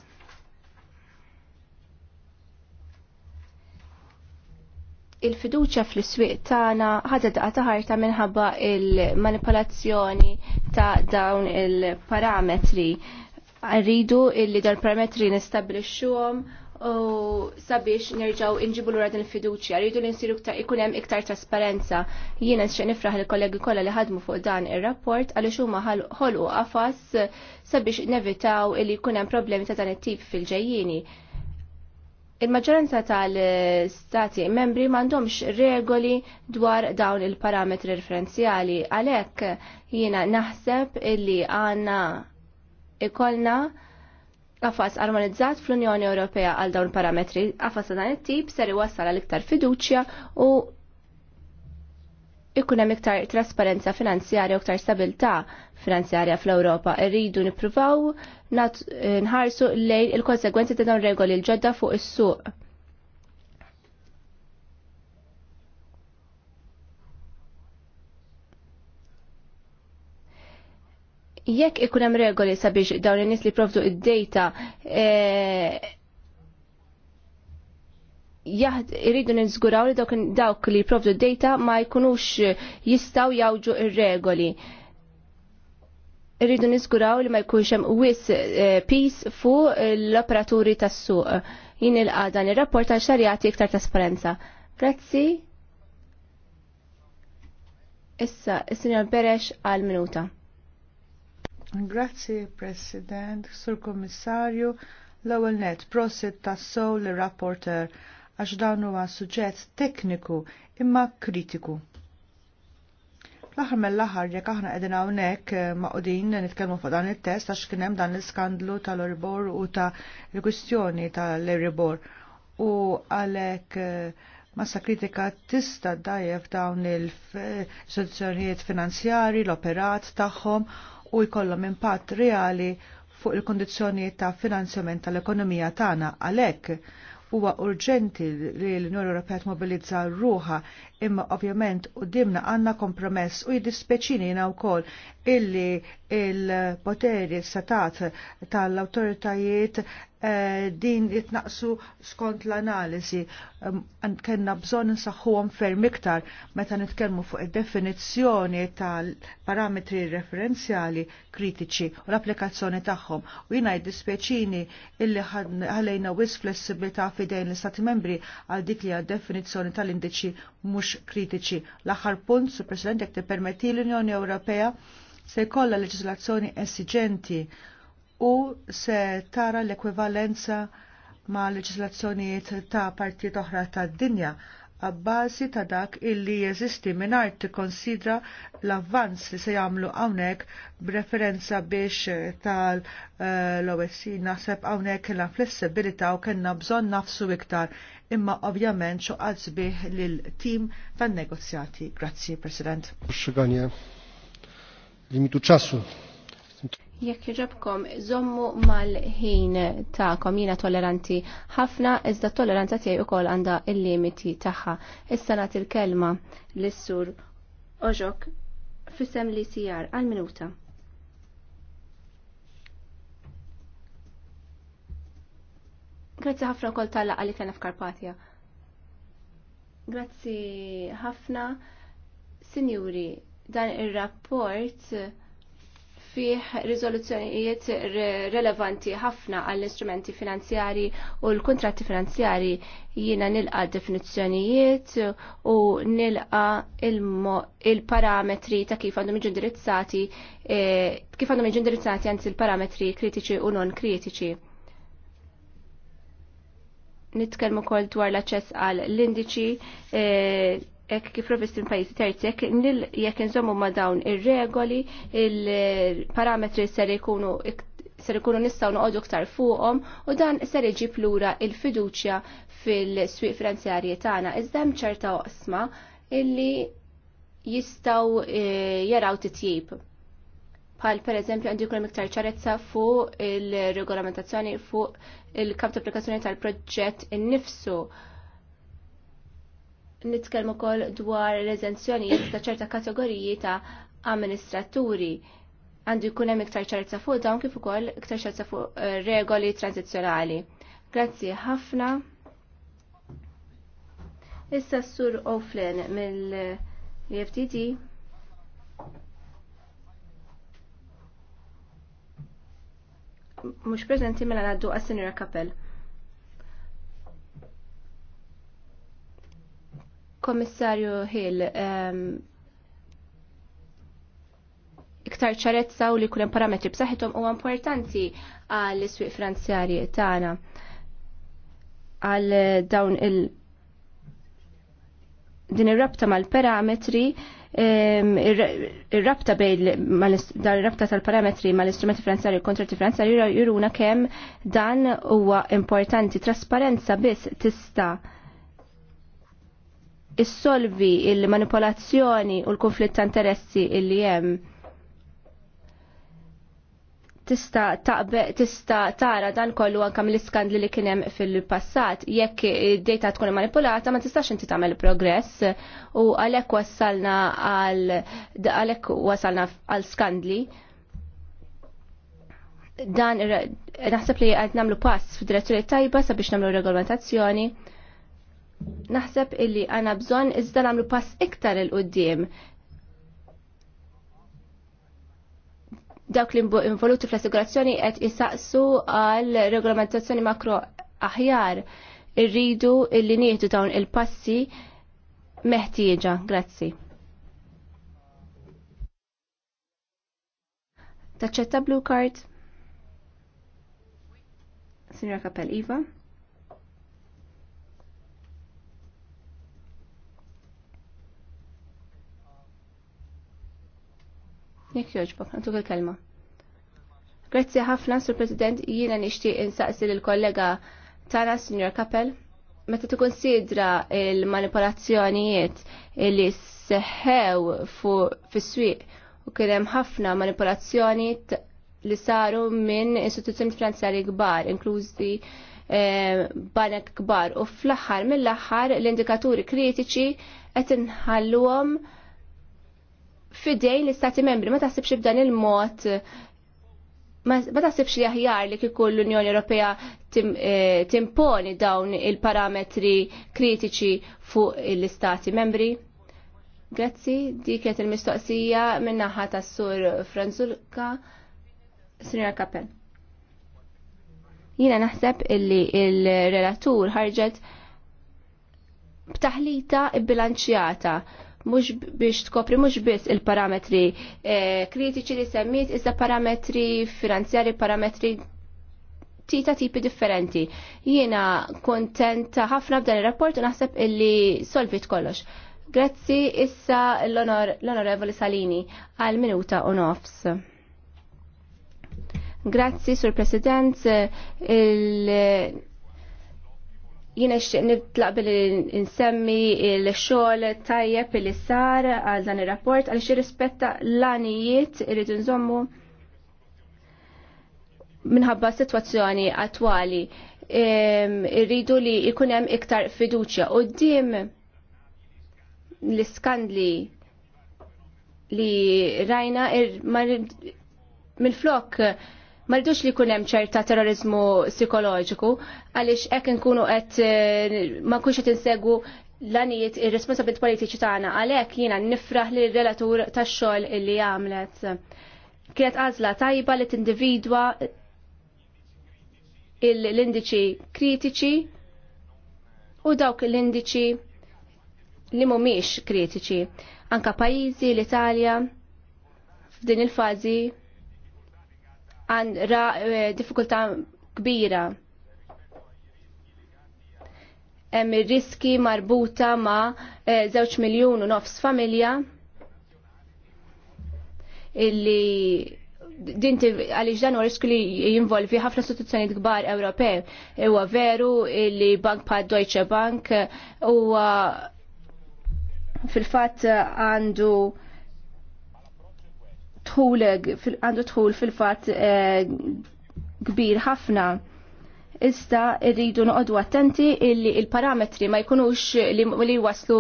il-fiduċa fl-iswiq tagħna ħadha daqa ta' ħarta minħabba il-manipolazzjoni ta' dawn il-parametri. Rridu illi dal parametri nistabilixxuhom u sabiex nerġaw inġibu l din il-fiduċja, rridu li nsiru ikun hemm iktar trasparenza. Jiena xe nifraħ il-kollegi kollha li ħadmu fuq dan ir-rapport għaliex huma ħolqu qafas sabiex nevitaw illi jkun hemm problemi ta' dan it-tip fil-ġejjieni il-maġġoranza tal-stati membri m'għandhomx regoli dwar dawn il-parametri referenzjali għalhekk jiena naħseb illi għandna ikolna qafas armonizzat fl-Unjoni Ewropea għal dawn parametri qafas dan it-tip ser iwassal għal iktar fiduċja u ikun hemm iktar trasparenza finanzjarja u iktar stabilità finanzjarja fl-Ewropa. Irridu nippruvaw nħarsu lejn il-konsegwenzi ta' dawn regoli l-ġodda fuq is-suq. Jekk ikun hemm regoli sabiex dawn in-nies li provdu id-data eh, irridu nizguraw li dawk li jiprovdu data ma jkunux jistaw jawġu ir-regoli. Irridu nizguraw li ma jkunx hemm wis eh, peace fuq l-operaturi tas-suq. Jien il-qadan ir-rapport għal xarjati iktar trasparenza. Grazzi. Issa, is-Sinjor Beresh
għal minuta. Grazzi, President, Sur Kommissarju, l-ewwel net, prosit tas-sow l-rapporter għax dan huwa suġġett tekniku imma kritiku. L-aħħar mill-aħħar jekk aħna qegħdin hawnhekk eh, maqudin nitkellmu fuq dan it-test għax kien hemm dan l-iskandlu tal-Oribor u ta' l-kwistjoni tal-Oribor u għalhekk eh, massa kritika tista dajjef dawn il-istituzzjonijiet finanzjari, l-operat tagħhom u jkollhom impatt reali fuq il-kondizzjoni ta' finanzjament tal-ekonomija tagħna għalhekk Huwa urġenti li l-Unjoni Ewropea tmobilizza ruħa imma ovvjament u dimna għandna kompromess u jiddispeċini jiena wkoll illi il-poteri, satat tal-autoritajiet eh, din jitnaqsu skont l-analisi. Kenna bżon nsaħħuhom ferm iktar meta nitkellmu fuq id-definizzjoni tal-parametri referenzjali kritiċi u l-applikazzjoni tagħhom. U jiena jiddispjaċini illi ħalejna wisq flessibilità fidejn l-Istati membri għal dik li definizzjoni tal-indiċi mhux kritiċi. L-aħħar punt, Sur President, jekk tippermetti l-Unjoni Ewropea se jkollha leġiżlazzjoni esiġenti u se tara l-ekwivalenza ma' leġislazzjonijiet ta' partijiet oħra tad-dinja għabbażi ta' dak illi jeżisti mingħajr tikkonsidra l-avvanz li se jagħmlu hawnhekk b'referenza biex tal-OSC eh, naħseb hawnhekk la flessibilità u kellna bżonn nafsu iktar imma ovvjament xoqgħad sbieħ lil tim tan-negozjati. Grazzi, President limitu ċassu. Jekk
jġabkom, zommu mal-ħin ta' jina tolleranti ħafna, iżda tolleranza tiegħi ukoll għandha il-limiti tagħha. Issa nagħti il-kelma lis-sur Oġok fisem li sijar għal-minuta. Grazzi ħafna kol tal-laqqa li kena f'Karpatja. Grazzi ħafna, Sinjuri, dan ir-rapport fih riżoluzzjonijiet relevanti ħafna għall-istrumenti finanzjari u l-kontratti finanzjari jiena nilqa definizzjonijiet u nilqa il-parametri ta' kif għandhom eh, kif għandhom indirizzati anzi il-parametri kritiċi u non kritiċi. Nitkellmu kol dwar l-aċċess għal l-indiċi e, ek kif provestin pajjiżi terzi, jekk nil jek nżommu ma dawn ir-regoli, il-parametri ser ikunu ser ikunu nistaw noqogħdu iktar fuqhom u dan ser iġib lura il-fiduċja fil-swieq finanzjarji tagħna. Iżda hemm ċerta oqsma illi jistaw e, jaraw titjib. Bħal per eżempju għandu jkun iktar ċarezza fuq il-regolamentazzjoni fuq il-kap applikazzjoni tal-proġett innifsu. nifsu nitkellmu wkoll dwar l-eżenzjonijiet ta' ċerta kategoriji ta' amministraturi għandu jkun hemm iktar ċerza fuq dawn kif ukoll iktar ċerza fuq eh, regoli tranzizzjonali. Grazzi ħafna. Issa s-sur Oflin mill-FTT. Mux prezenti mela għaddu għas-Senjora Kapel. Komissarju Hill, iktar ċarezza u li kullem parametri b'saħħithom huwa importanti għall iswieq finanzjarji tagħna għal dawn il- din ir-rabta mal-parametri ir-rabta bejn dan ir-rabta tal-parametri mal-istrumenti finanzjari u kontratti finanzjari juruna kemm dan huwa importanti trasparenza biss tista' issolvi il-manipolazzjoni u l-konflitt ta' interessi illi hemm tista taqbe tista tara dan kollu anke mill-iskandli li kien hemm fil-passat jekk id-data tkun manipulata ma tistax inti tagħmel progress u għalhekk wassalna għal għalhekk wasalna għal skandli dan naħseb li qed nagħmlu pass fid tajba sabiex nagħmlu regolamentazzjoni naħseb illi għana bżon iżda namlu pass iktar il-qoddim. Dawk li involuti fl-assigurazzjoni qed jisaqsu għal regolamentazzjoni makro aħjar irridu illi nieħdu dawn il-passi meħtieġa. Grazzi. Taċċetta blue card? Signora Capel Iva. Jekk joġbok, għantuk il-kelma. Grazzi ħafna, Sur President, jiena nixtieq insaqsi lill-kollega tagħna, Signor Kappel, meta tikkonsidra il-manipolazzjonijiet li seħħew fis-swieq u kien hemm ħafna manipolazzjoni li saru minn istituzzjoni finanzjari kbar, inklużi eh, banek kbar u fl-aħħar mill-aħħar l-indikaturi kritiċi qed inħalluhom fidej l-istati membri, ma taħsibx b'dan il-mod ma taħsibx li aħjar li kikun l-Unjoni Ewropea eh, timponi dawn il-parametri kritiċi fuq l-istati membri? Grazzi, diket il-mistoqsija minnaħa tas sur Franzulka, Sinjora Kappen. Jina naħseb illi il-relatur ħarġet b'taħlita bilanċjata mux biex tkopri mux biss il-parametri eh, kritiċi li semmit, iżda parametri finanzjari, parametri tita tipi differenti. Jiena kontenta ħafna b'dan il-rapport u naħseb illi solvit kollox. Grazzi issa l-onorevoli Salini għal minuta u nofs. Grazzi, Sur President, il- Jina nitlaq billi nsemmi il-xol tajjeb li sar għal dan il-rapport għal xi rispetta l-anijiet irrid nżommu minħabba situazzjoni attwali irridu li jkun hemm iktar fiduċja u l-iskandli li rajna mill-flok Ma rridux li kunem ċerta terrorizmu psikoloġiku, għaliex hekk nkunu qed eh, ma nkunx qed insegu l-għanijiet ir-responsabilit politiċi tagħna għalhekk jiena nifraħ li relatur tax-xogħol li għamlet. Kienet għażla tajba li tindividwa l-indiċi kritiċi u dawk l-indiċi li mhumiex kritiċi. Anka pajjiżi l-Italja f'din il-fażi għan ra eh, diffikultà kbira. Hemm ir-riski marbuta ma' eh, żewġ miljun u nofs familja illi dinti għalix dan għor li jinvolvi ħafna istituzzjoni kbar Ewropej. Huwa veru illi bank pa' Deutsche Bank u fil-fatt għandu uh, għandu tħul fil-fatt eh, kbir ħafna. Ista rridu noqogħdu attenti illi il-parametri ma jkunux li waslu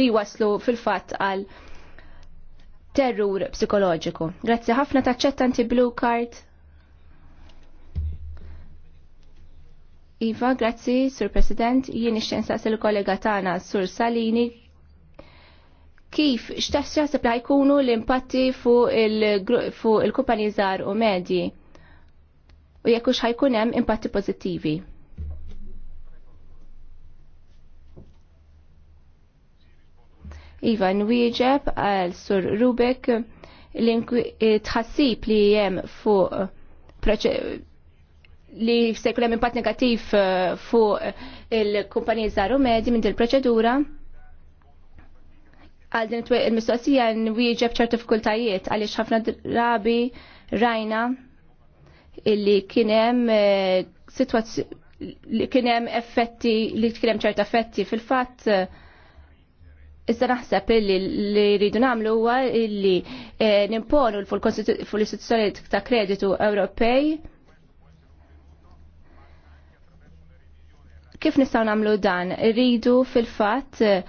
li waslu eh, fil-fatt għal terrur psikoloġiku. Grazzi ħafna taċċetta blue card. Iva, grazzi, Sur President, jien ixtensaqs il-kollega tagħna Sur Salini kif x'taħseb li jkunu l-impatti fuq il-kumpaniji fu il u medji u jekk hux ħajkun hemm impatti pożittivi. Iva nwieġeb għal Sur Rubek eh, tħassib li jem fu li se jkun hemm impatt negattiv eh, fuq il-kumpaniji u medji minn il-proċedura għal din il-mistoqsija nwieġeb ċertu f'kultajiet għaliex ħafna drabi rajna illi kienem eh, situazzjoni li kienem effetti li kienem ċertu effetti fil-fatt Issa naħseb illi li rridu namlu huwa illi eh, nimponu fuq l-istituzzjoni ta' kreditu Ewropej kif nistgħu nagħmlu dan? Rridu fil-fatt eh,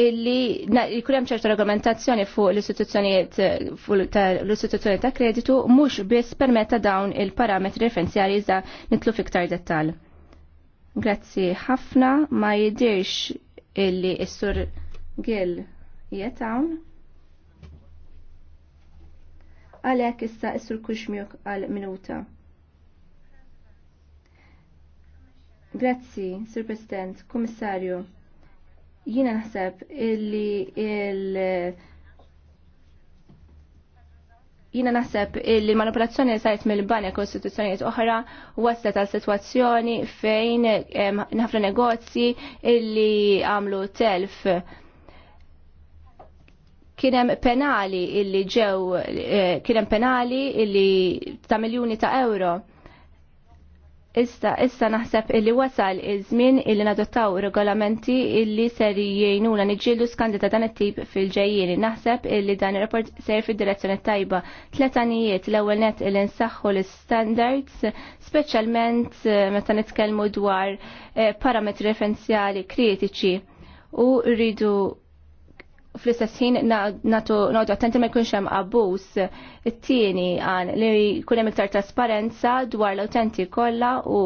illi jkun hemm ċerta regolamentazzjoni fuq l-istituzzjonijiet l-istituzzjoni ta' kreditu mhux biss permetta dawn il-parametri referenzjali iżda nitlu fiktar dettal. Grazzi ħafna ma jidirx illi s-sur Gil jetawn. Għalhekk issa s-sur Kuxmjuk għal minuta. Grazzi, Sir President, Kummissarju. Jiena naħseb illi il- jina naħseb li manipolazzjoni li sajt mill-banja kostituzzjonijiet oħra waslet għal situazzjoni fejn ħafna negozji illi għamlu telf kienem penali illi ġew eh, kienem penali illi ta' miljoni ta' euro Issa, issa naħseb illi wasal iż-żmien illi nadottaw regolamenti illi ser jgħinuna niġġieldu skandita' dan it-tip fil-ġejjieni. Naħseb illi dan ir-rapport ser fid-direzzjoni tajba. Tletanijiet l-ewwel net illi nsaħħu l-standards, speċjalment eh, meta nitkellmu dwar eh, parametri referenzjali kritiċi u rridu fl-istess ħin natu attenti ma jkunx hemm abbuż. It-tieni għan li jkun hemm iktar trasparenza dwar l-utenti kollha u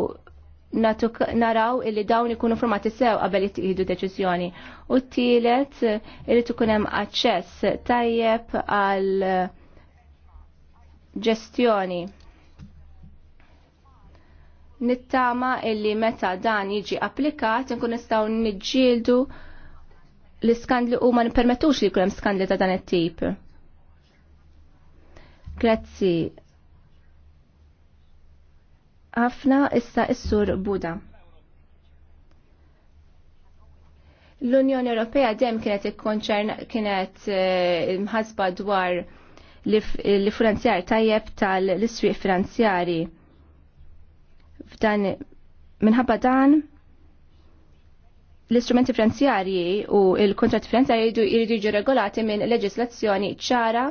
natu naraw illi dawn ikunu formati sew qabel jittieħdu deċiżjoni. U t-tielet irid tkun hemm aċċess tajjeb għal ġestjoni. Nittama illi meta dan jiġi applikat nkun nistgħu niġġieldu l-iskandli u ma nipermettux li kulem skandli ta' dan it-tip. Grazzi. Għafna issa issur Buda. L-Unjoni Ewropea dem kienet ikkonċern kienet eh, mħasba dwar li finanzjar tajjeb tal-iswiq finanzjari. F'dan minħabba dan, min l-istrumenti finanzjarji u l kontrat finanzjarji jridu jiġu regolati minn leġislazzjoni ċara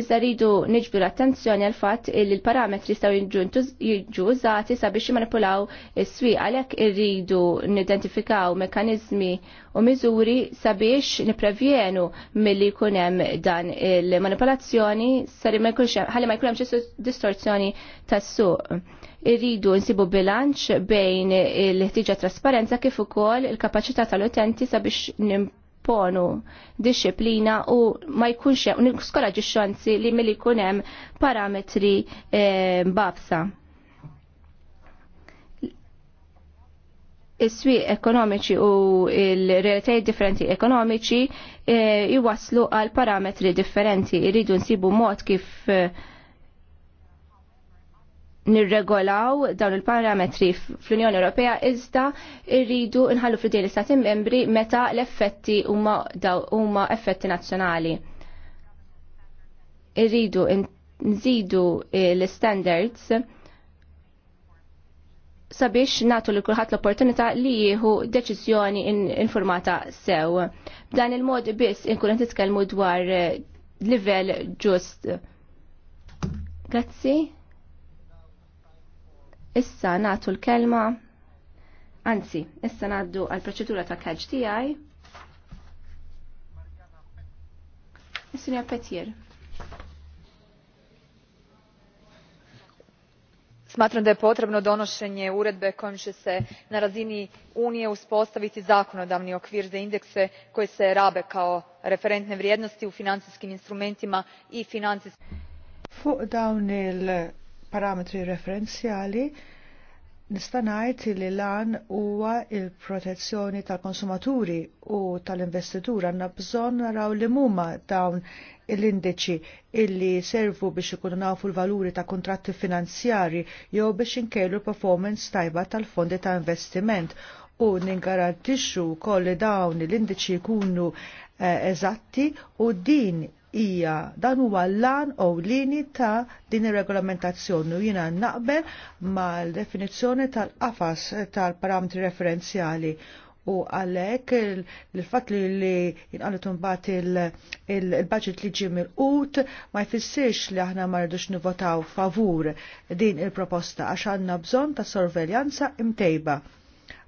iżda rridu niġbdu l-attenzjoni għal fatt li l-parametri staw jiġu użati sabiex jmanipulaw is-swieq għalhekk irridu nidentifikaw mekkaniżmi u miżuri sabiex niprevjenu milli jkun hemm dan il-manipolazzjoni ħalli ma jkunem hemm distorzjoni tas-suq irridu nsibu bilanċ bejn il-ħtiġa trasparenza kif ukoll il-kapaċità tal-utenti sabiex nimponu disċiplina u ma jkunx hemm x xanzi li milli jkun hemm parametri eh, babsa. Is-swieq ekonomiċi u il-realtajiet differenti ekonomiċi e, jwaslu għal parametri differenti. Irridu nsibu mod kif e, nirregolaw dawn il-parametri fl-Unjoni Ewropea iżda irridu nħallu fl l-istati membri meta l-effetti huma effetti nazzjonali. Irridu nżidu eh, l-standards sabiex natu li kulħadd l-opportunità li jieħu deċiżjoni informata sew. B'dan il-mod biss inkun qed titkellmu dwar eh, livell ġust. Grazzi. Issa natu l-kelma, anzi, issa naddu għal proċedura ta' kaġ tijaj. Is-sinja Petier.
smatram da je potrebno donošenje uredbe kojom će se na razini unije uspostaviti zakonodavni okvir za indekse koje se rabe
kao referentne vrijednosti u financijskim instrumentima i financijskim
Fuq dawn il parametri referenzjali nista' ngħid li lan huwa il-protezzjoni tal-konsumaturi u tal-investitur għandna bżonn naraw li muma dawn l-indiċi illi servu biex ikunu nafu l-valuri ta' kontratti finanzjari jew biex inkejlu performance tajba tal-fondi ta' investiment u ningarantixxu wkoll li dawn l-indiċi jkunu eh, eżatti u din hija dan huwa lan u lini ta' din ir-regolamentazzjoni u jiena naqbel mal-definizzjoni tal-qafas tal-parametri referenzjali u għalek il-fat li li jinqalu mbagħad il-budget li ġie mill-qut ma jfissirx li aħna ma rridux nivotaw favur din il-proposta għax għandna bżonn ta' sorveljanza imtejba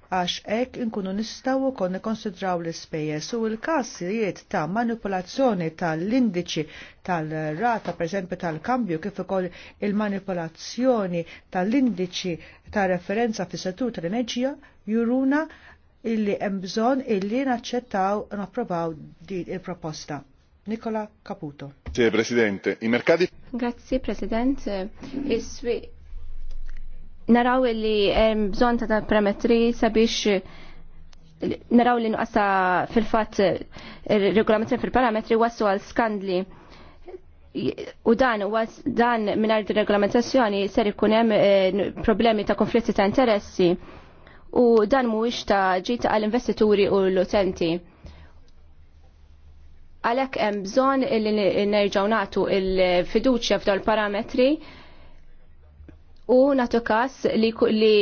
għax hekk inkunu nistgħu wkoll nikkonsidraw l-ispejjeż u l-każijiet ta' manipolazzjoni tal-indiċi tal-rata esempio tal-kambju kif ukoll il-manipolazzjoni tal-indiċi ta' referenza fis settur tal-enerġija juruna illi hemm bżonn illi naċċettaw napprovaw din il-proposta. Nicola Caputo. Grazie Presidente. I mercati Grazie
Presidente. E naraw li bżon ta' parametri sabiex naraw li nuqqasa fil-fat regolamenti fil-parametri wassu għal skandli u dan was dan minar regolamentazzjoni ser ikun hemm eh, problemi ta' konflitti ta' interessi u dan mhuwiex ta' ġita għall investituri u l-utenti. Għalhekk hemm bżonn li nerġgħu nagħtu il-fiduċja f'dawn parametri parametri u natu kas li, li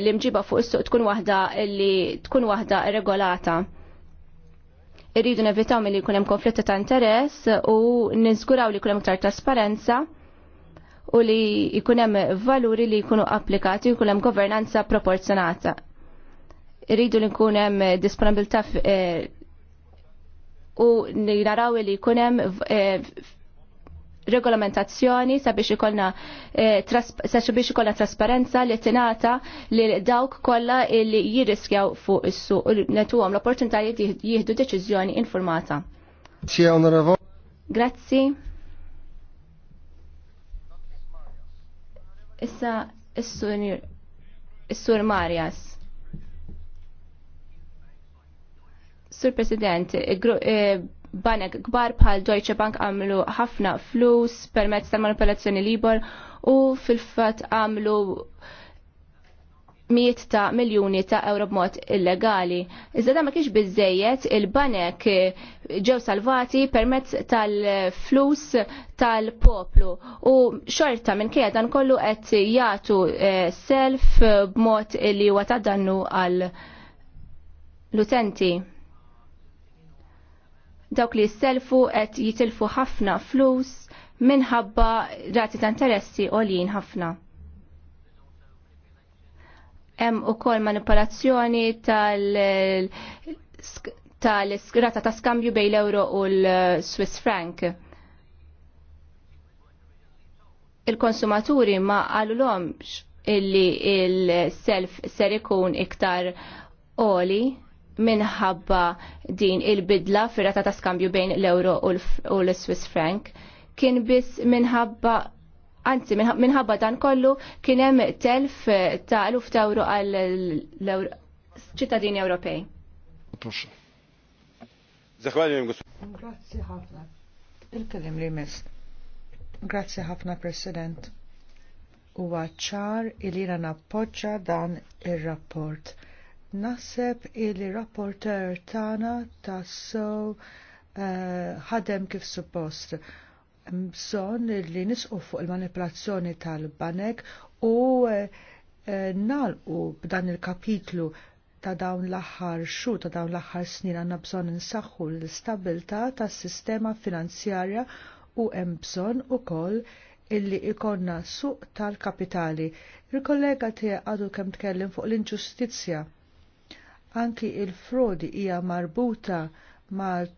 l-imġiba fuq is-suq tkun waħda li tkun waħda regolata. Irridu nevitaw milli jkun hemm konflitti ta' interess u nizguraw li jkun hemm iktar trasparenza u li jkun hemm valuri li jkunu applikati u jkun hemm governanza proporzjonata. Irridu li jkun hemm eh, u li naraw li jkun hemm eh, regolamentazzjoni sabiex ikollna eh, sabiex ikollna trasparenza li tingħata li dawk kollha li jirriskjaw fuq is-suq netuhom l-opportunitajiet jieħdu deċiżjoni informata. Grazie Grazzi. Issa is-sur Marjas. Sur President, banek kbar bħal Deutsche Bank għamlu ħafna flus permezz tal-manipolazzjoni libor u fil-fat għamlu miet ta' miljoni ta' euro b'mod illegali. Iżda da ma kienx biżejjed il-banek ġew salvati permezz tal-flus tal-poplu u xorta minn kejja dan kollu qed jagħtu eh, self b'mod li huwa ta' dannu għal l-utenti dawk li jisselfu qed jitilfu ħafna flus minħabba rati ta' interessi għoljin ħafna. Hemm ukoll manipolazzjoni tal tal-rata ta' skambju bejn l-euro u l-Swiss franc. Il-konsumaturi ma għalulhomx illi il-self ser ikun iktar oli minħabba din il-bidla fir-rata ta' skambju bejn l-euro u l-Swiss franc kien biss minħabba anzi minħabba dan kollu kien hemm telf ta' eluf ta' euro għal
ċittadini Ewropej. Grazzi ħafna. Il-kelim li Grazzi ħafna, President. Huwa ċar il lira nappoġġa dan ir il rapport Naħseb il rapporter tagħna tassew eh, ħadem uh, kif suppost. Bżonn li nisqu fuq il-manipolazzjoni tal-banek u uh, nalqu b'dan il-kapitlu ta' dawn l-aħħar xu ta' dawn l-aħħar snin għanna bżonn insaħħu l-istabilità tas-sistema finanzjarja u hemm bżonn ukoll illi ikonna suq tal-kapitali. Il-kollega tiegħek għadu kemm tkellem fuq l-inġustizzja Anki il-frodi hija marbuta mal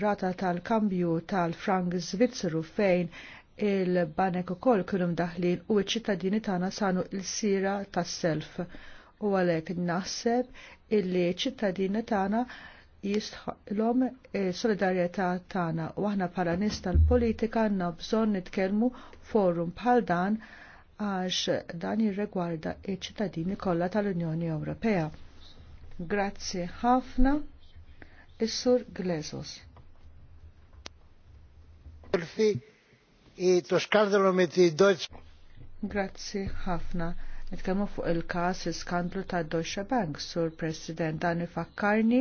rata tal-kambju tal-frank Żvizzeru fejn il-banek ukoll kienu mdaħlin u ċ-ċittadini tagħna sanu l-sira tas-self. U għalhekk naħseb illi ċittadini tagħna jistħolhom eh, solidarjetà tagħna u aħna bħala nies tal-politika għandna bżonn nitkellmu forum bħal dan għax dan jirregwarda ċ-ċittadini kollha tal-Unjoni Ewropea. Grazzi ħafna. Is-Sur Glesos. Grazzi ħafna. Nitkellmu fuq il-każ iskandlu ta' Deutsche Bank, Sur President dan ifakkarni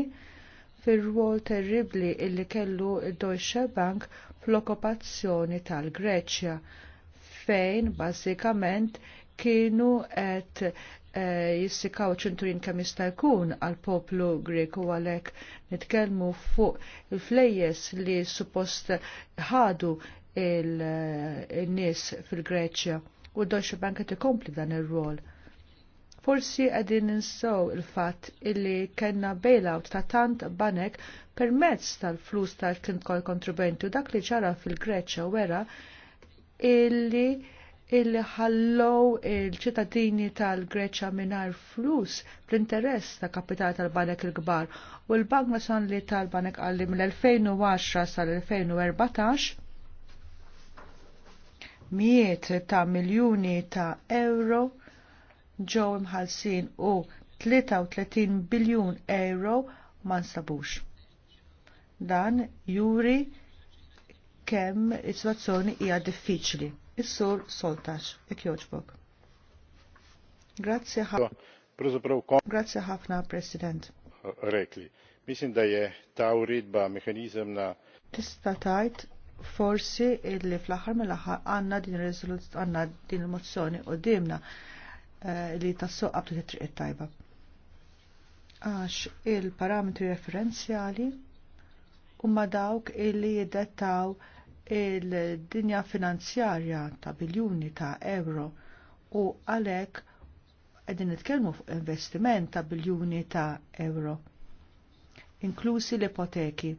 fir-rwol terribli illi kellu Deutsche Bank fl-okkupazzjoni tal-Greċja fejn bażikament kienu qed eh, jissikaw ċinturin kemm jista' jkun għal poplu Greku għalek għalhekk nitkellmu fuq il-flejjes li suppost ħadu il-nies eh, fil-Greċja u d-Deutsche Bank ikompli dan ir-rol. Forsi qegħdin ninsew il-fatt illi kena bailout ta' tant banek permezz tal-flus tal-kien kol kontribenti u dak li ċara fil-Greċja wera illi illi ħallow il-ċittadini tal-Greċa minar flus fl-interess ta' kapital tal-banek il-kbar u l-Bank Nazzjonali tal-Banek għalli mill-2010 sal-2014 miet ta' miljuni ta' euro ġew imħalsin u 33 biljun euro ma nsabux. Dan juri kemm is-sitwazzjoni hija diffiċli Is-sur Soltax, ik joġbok. Grazie ħafna. Grazie ħafna, President.
Rekli. Misin daje je ta' meħanizm
na. Tista tajt forsi illi fl-aħħar mill axar għandna din riżoluzzjoni għandna din il-mozzjoni dimna eh, li tassuq qablu titriq triq tajba Għax il-parametri referenzjali ma dawk illi jiddettaw il-dinja finanzjarja ta' biljuni ta' euro u għalek għedin nitkellmu fuq investiment ta' biljuni ta' euro, inklusi l-ipoteki,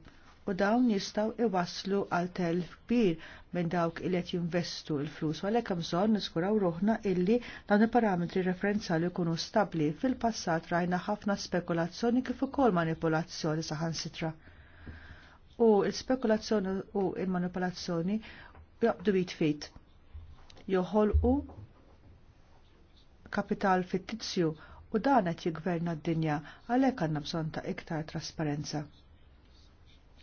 u dawn jistaw iwaslu għal telf kbir minn dawk il qed jinvestu l-flus, għalhekk hemm bżonn niskuraw ruħna illi dawn il-parametri referenzali jkunu stabbli fil-passat rajna ħafna spekulazzjoni kif ukoll manipolazzjoni saħansitra. sitra u l-spekulazzjoni u l-manipolazzjoni jaqbdu Joħol u kapital fittizju u dan qed jigverna d-dinja għalhekk għandna bżonn ta' iktar trasparenza.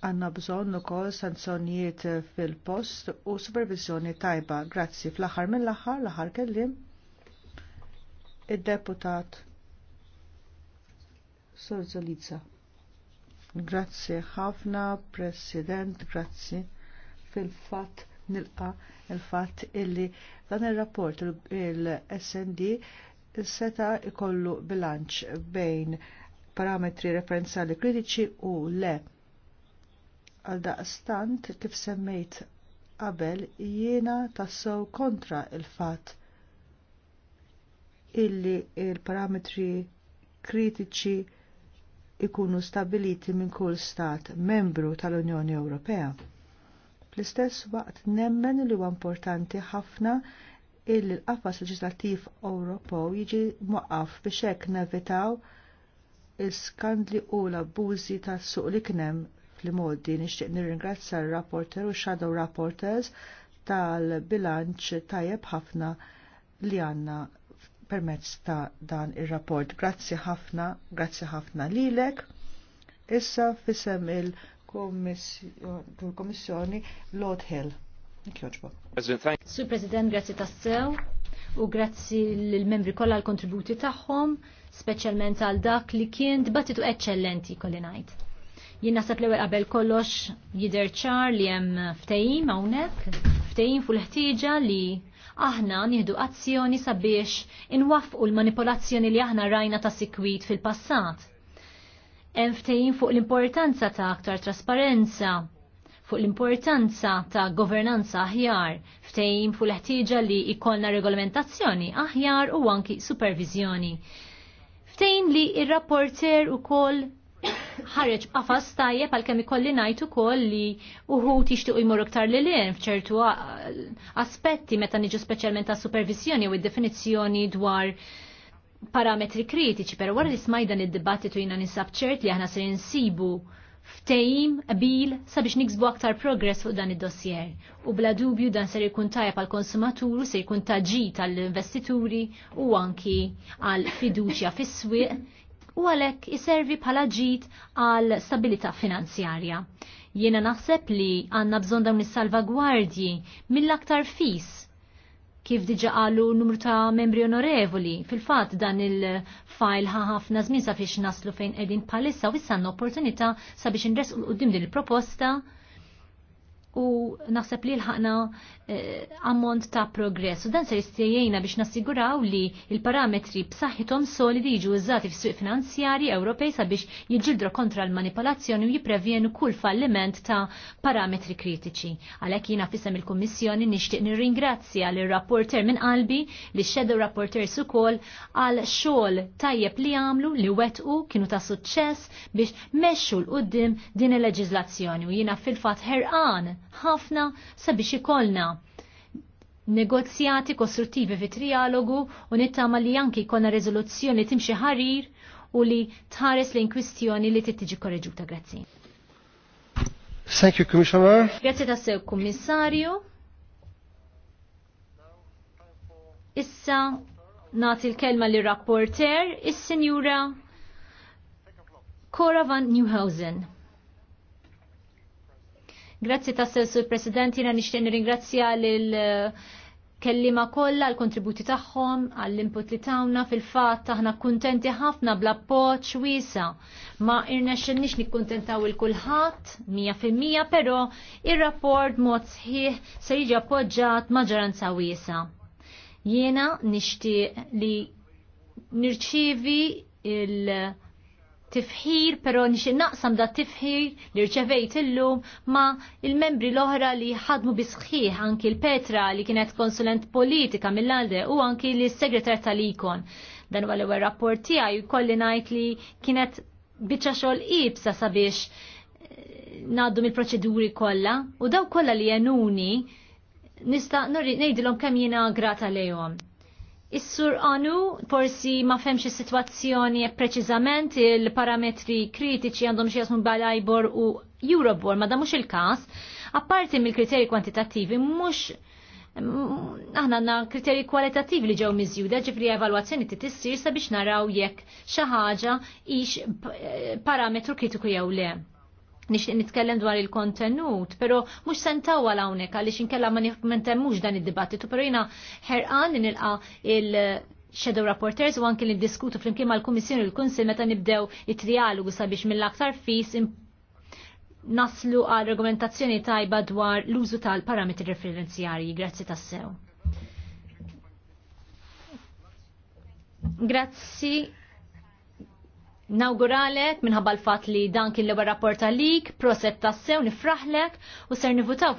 bżon bżonn ukoll sanzjonijiet fil-post u supervizjoni tajba. Grazzi fl-aħħar mill-aħħar l-aħħar kellim id-deputat Sorzolizza. Grazzi ħafna, President, grazzi fil-fat nilqa il-fat illi dan il-rapport il-SND seta ikollu bilanċ bejn parametri referenzali kritiċi u le. Għal daqstant kif semmejt qabel jiena tassew kontra il-fat illi il-parametri kritiċi ikunu stabiliti minn kull stat membru tal-Unjoni Ewropea. Fl-istess waqt nemmen li huwa importanti ħafna illi l-qafas leġislattiv Ewropew jiġi mwaqqaf biex hekk nevitaw iskandli u l-abbużi tas-suq li kien hemm fl-modi nixtieq nirringrazzja r-rapporter u shadow rapporters tal-bilanċ tajjeb ħafna li għandna permezz ta' dan ir-rapport. Grazzi ħafna, grazzi ħafna lilek. Issa fisem il-Kommissjoni Lord Hill. Sur President, grazzi
tassew u grazzi l-membri kollha l-kontributi tagħhom, speċjalment għal dak li kien dibattitu eċċellenti kolli ngħid. Jien naħseb l-ewwel qabel kollox jidher ċar li hemm ftehim hawnhekk, ftehim fuq l-ħtieġa li aħna nieħdu azzjoni sabiex inwaffqu l-manipolazzjoni li aħna rajna ta' sikwit fil-passat. Hemm ftehim fuq l-importanza ta' aktar trasparenza, fuq l-importanza ta' governanza aħjar, ftehim fuq l-ħtieġa li jkollna regolamentazzjoni aħjar u anki supervizjoni. Ftehim li ir-rapporter ukoll ħareġ qafas tajjeb għal kemm ikolli ngħid ukoll li uħud jixtiequ jmorru iktar lil hinn f'ċertu aspetti meta niġu speċjalment ta' supervizjoni u id definizzjoni dwar parametri kritiċi, pero wara li smaj dan id-dibattitu jiena nisab ċert li aħna se insibu ftejim qbil sabiex niksbu aktar progress fuq dan id-dossier. U bla dubju dan ser jkun tajjeb għal konsumatur, ser jkun taġi tal-investituri u anki għal fiduċja fis-swieq u għalek iservi bħala ġid għal stabilita finanzjarja. Jiena naħseb li għanna bżon dawn is-salvagwardji mill-aktar fis kif diġa għallu numru ta' membri onorevoli. Fil-fat dan il-fajl ħafna żmien sa fiex naslu fejn qegħdin palissa u issa opportunità sabiex indres u din il-proposta u naħseb li l-ħakna eh, ammont ta' progress. U dan se jistejjena biex nassiguraw li il-parametri b'saħħithom solidi jiġu użati fis-suq finanzjari Ewropej sabiex jiġġildru kontra l-manipolazzjoni u jipprevjenu kull falliment ta' parametri kritiċi. Għalhekk jiena fisem il-Kummissjoni nixtieq nirringrazzja l rapporter minn qalbi li shadow rapporters ukoll għal xogħol tajjeb li għamlu li wetqu kienu ta' suċċess biex mexxu l-qudiem din il-leġiżlazzjoni u jiena fil-fatt ħerqan ħafna sabiex ikollna negozjati kostruttivi fi trialogu u nittama li anki jkollna rezoluzzjoni timxi ħarir u li tħares lejn kwistjoni li tittiġi korreġuta. Grazzi. Thank you, Commissioner. Grazie tassew, Kummissarju. Issa nati l-kelma li rapporter, is-Sinjura Cora van Newhausen. Grazzi ta' sessu President, jina nishtiq nirringrazzja lil eh, kellima kollha l-kontributi tagħhom għall-input li tawna fil-fatt aħna kuntenti ħafna bla poċ wiesa. Ma irnexxilniex nikkuntentaw il kulħadd 100% però il rapport mod sħiħ se jiġi appoġġat maġġoranza wiesa. Jiena nixtieq li nirċivi il- tifħir, pero nix naqsam da tifħir li rċevejt illum ma il-membri l-oħra li ħadmu bisħiħ anki l-Petra li kienet konsulent politika mill-Alde u anki li segretar tal-Ikon. Dan għal ewwel rapport tiegħi jkolli ngħid li kienet biċċa xogħol ibsa sabiex eh, naddu mill-proċeduri kollha u daw kollha li jenuni nista' ngħidilhom kemm jiena grata lejhom. Is-sur Anu forsi ma femx is-sitwazzjoni preċiżament il-parametri kritiċi għandhom xi jasmu bħal u Eurobor, ma da mhux il-każ, apparti mill-kriterji kwantitattivi mhux mm, aħna għanna kriterji kwalitattivi li ġew miżjuda ġifri evalwazzjoni t tissir sabiex naraw jekk xi ħaġa ix eh, parametru kritiku jew le nixtieq nitkellem dwar il-kontenut, pero mhux sentawa hawnhekk għaliex inkella ma mux dan id-dibattitu, però jiena ħerqan nilqa' il- Shadow Rapporters u anki li diskutu fl-imkien mal-Kummissjoni u l-Kunsil meta nibdew it-trialogu sabiex mill-aktar fis naslu għal argumentazzjoni tajba dwar l-użu tal-parametri referenzjarji. Grazzi tassew. Grazzi Nawguralek minħabba l-fat li dan kien l-ewwel rapport għalik, prosett tassew nifraħlek u ser nivutaw